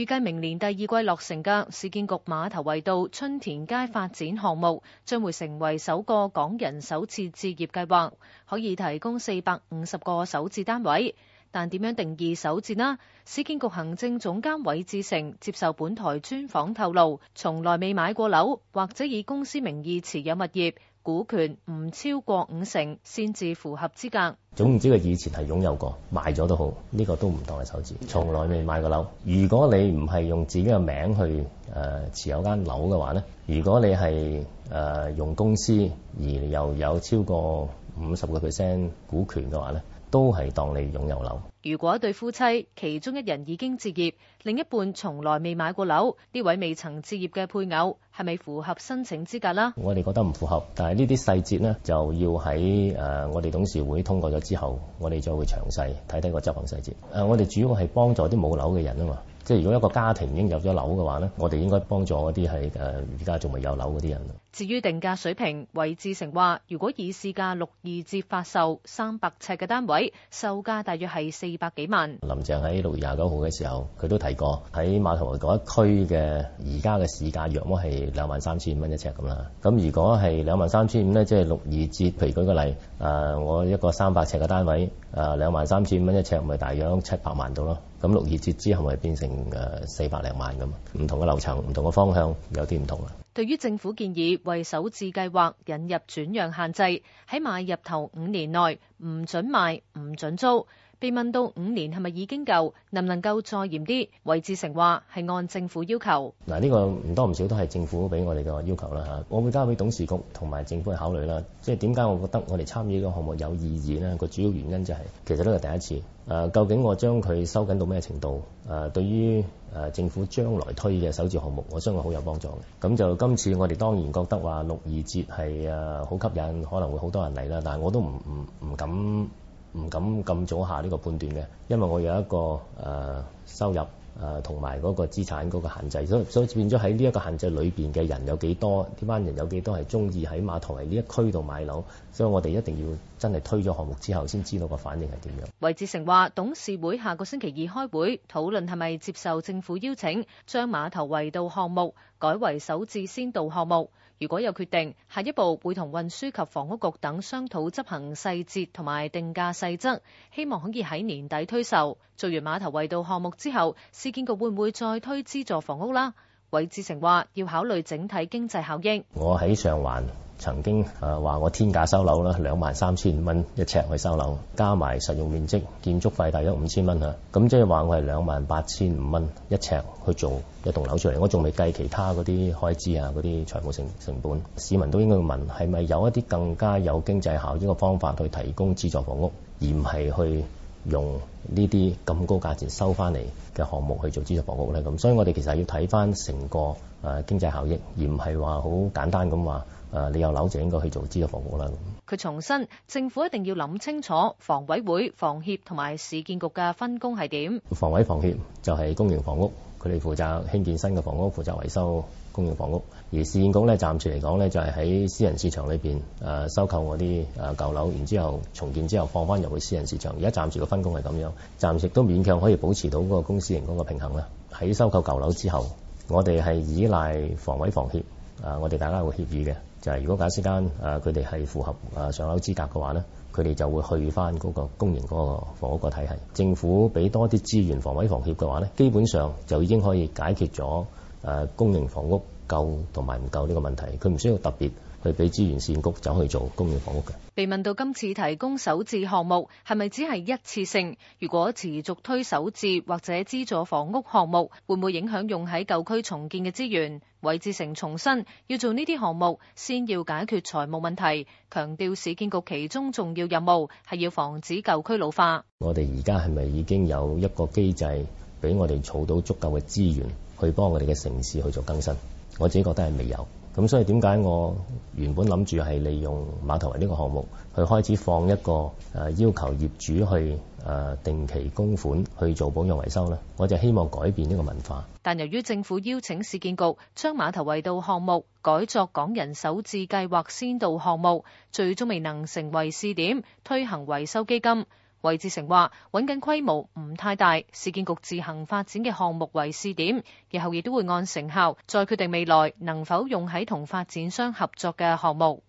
預計明年第二季落成嘅市建局馬頭圍道春田街發展項目，將會成為首個港人首次置業計劃，可以提供四百五十個首置單位。但點樣定義首置呢？市建局行政總監韋志成接受本台專訪透露，從來未買過樓，或者以公司名義持有物業股權唔超過五成，先至符合資格。總唔知佢以前係擁有過，賣咗都好，呢、這個都唔當係首置。從來未買過樓。如果你唔係用自己嘅名去誒持有間樓嘅話咧，如果你係誒用公司而又有超過五十個 percent 股權嘅話咧。都係當你擁有樓。如果對夫妻其中一人已經置業，另一半從來未買過樓，呢位未曾置業嘅配偶係咪符合申請資格啦？我哋覺得唔符合，但係呢啲細節呢，就要喺誒、呃、我哋董事會通過咗之後，我哋再會詳細睇睇個執行細節。誒、呃，我哋主要係幫助啲冇樓嘅人啊嘛。即係如果一個家庭已經有咗樓嘅話咧，我哋應該幫助嗰啲係誒而家仲未有樓嗰啲人。至於定價水平，韋志成話，如果以市價六二折發售三百尺嘅單位，售價大約係四百幾萬。林鄭喺六月廿九號嘅時候，佢都提過喺馬頭圍嗰一區嘅而家嘅市價約摸係兩萬三千五蚊一尺咁啦。咁如果係兩萬三千五咧，即係六二折，譬如舉個例，誒、呃，我一個三百尺嘅單位。誒，兩萬三千蚊一尺，咪大約七百萬到咯。咁六二折之後，咪變成誒四百零萬咁。唔同嘅樓層，唔同嘅方向，有啲唔同啊。對於政府建議為首置計劃引入轉讓限制，喺買入頭五年內唔准賣、唔准租。被問到五年係咪已經夠，能唔能夠再嚴啲？韋志成話：係按政府要求。嗱，呢個唔多唔少都係政府俾我哋嘅要求啦嚇。我會交俾董事局同埋政府去考慮啦。即係點解我覺得我哋參與呢個項目有意義呢？個主要原因就係、是、其實呢個第一次。誒、啊，究竟我將佢收緊到咩程度？誒、啊，對於誒政府將來推嘅首置項目，我相信好有幫助嘅。咁就今次我哋當然覺得話六二折係誒好吸引，可能會好多人嚟啦。但係我都唔唔唔敢。唔敢咁早下呢個判斷嘅，因為我有一個誒、呃、收入誒同埋嗰個資產嗰個限制，所以所以變咗喺呢一個限制裏邊嘅人有幾多，呢班人有幾多係中意喺馬頭圍呢一區度買樓。所以我哋一定要。真係推咗項目之後，先知道個反應係點樣。韋志成話，董事會下個星期二開會討論，係咪接受政府邀請，將馬頭圍道項目改為首置先導項目。如果有決定，下一步會同運輸及房屋局等商討執行細節同埋定價細則，希望可以喺年底推售。做完馬頭圍道項目之後，市建局會唔會再推資助房屋啦？韋志成話，要考慮整體經濟效益。我喺上環曾經誒話，呃、我天價收樓啦，兩萬三千五蚊一尺去收樓，加埋實用面積，建築費大約五千蚊吓，咁即係話我係兩萬八千五蚊一尺去做一棟樓出嚟，我仲未計其他嗰啲開支啊，嗰啲財務成成本。市民都應該問，係咪有一啲更加有經濟效益嘅方法，去提供資助房屋，而唔係去。用呢啲咁高價錢收翻嚟嘅項目去做資助房屋咧，咁所以我哋其實要睇翻成個誒經濟效益，而唔係話好簡單咁話誒你有樓就應該去做資助房屋啦。佢重申，政府一定要諗清楚房委會、房協同埋市建局嘅分工係點，房委房協就係公營房屋。佢哋負責興建新嘅房屋，負責維修公用房屋；而市建局咧，暫時嚟講咧，就係喺私人市場裏邊誒收購嗰啲誒舊樓，然之後重建之後放翻入去私人市場。而家暫時個分工係咁樣，暫時都勉強可以保持到嗰個公司人工嘅平衡啦。喺收購舊樓之後，我哋係依賴房委房協。啊、呃！我哋大家會協議嘅，就係、是、如果假設間啊，佢哋係符合啊、呃、上樓資格嘅話咧，佢哋就會去返嗰個公營嗰個房屋個體系。政府俾多啲資源防毀防協嘅話咧，基本上就已經可以解決咗啊公營房屋夠同埋唔夠呢個問題。佢唔需要特別。去俾資源善局走去做公營房屋嘅。被問到今次提供首置項目係咪只係一次性？如果持續推首置或者資助房屋項目，會唔會影響用喺舊區重建嘅資源？韋志成重申要做呢啲項目，先要解決財務問題。強調市建局其中重要任務係要防止舊區老化。我哋而家係咪已經有一個機制，俾我哋儲到足夠嘅資源，去幫我哋嘅城市去做更新？我自己覺得係未有。咁所以點解我原本諗住係利用馬頭圍呢個項目去開始放一個誒要求業主去誒定期供款去做保養維修呢？我就希望改變呢個文化。但由於政府邀請市建局將馬頭圍道項目改作港人首置計劃先導項目，最終未能成為試點推行維修基金。韋志成話，揾緊規模唔太大，市建局自行發展嘅項目為試點，日後亦都會按成效再決定未來能否用喺同發展商合作嘅項目。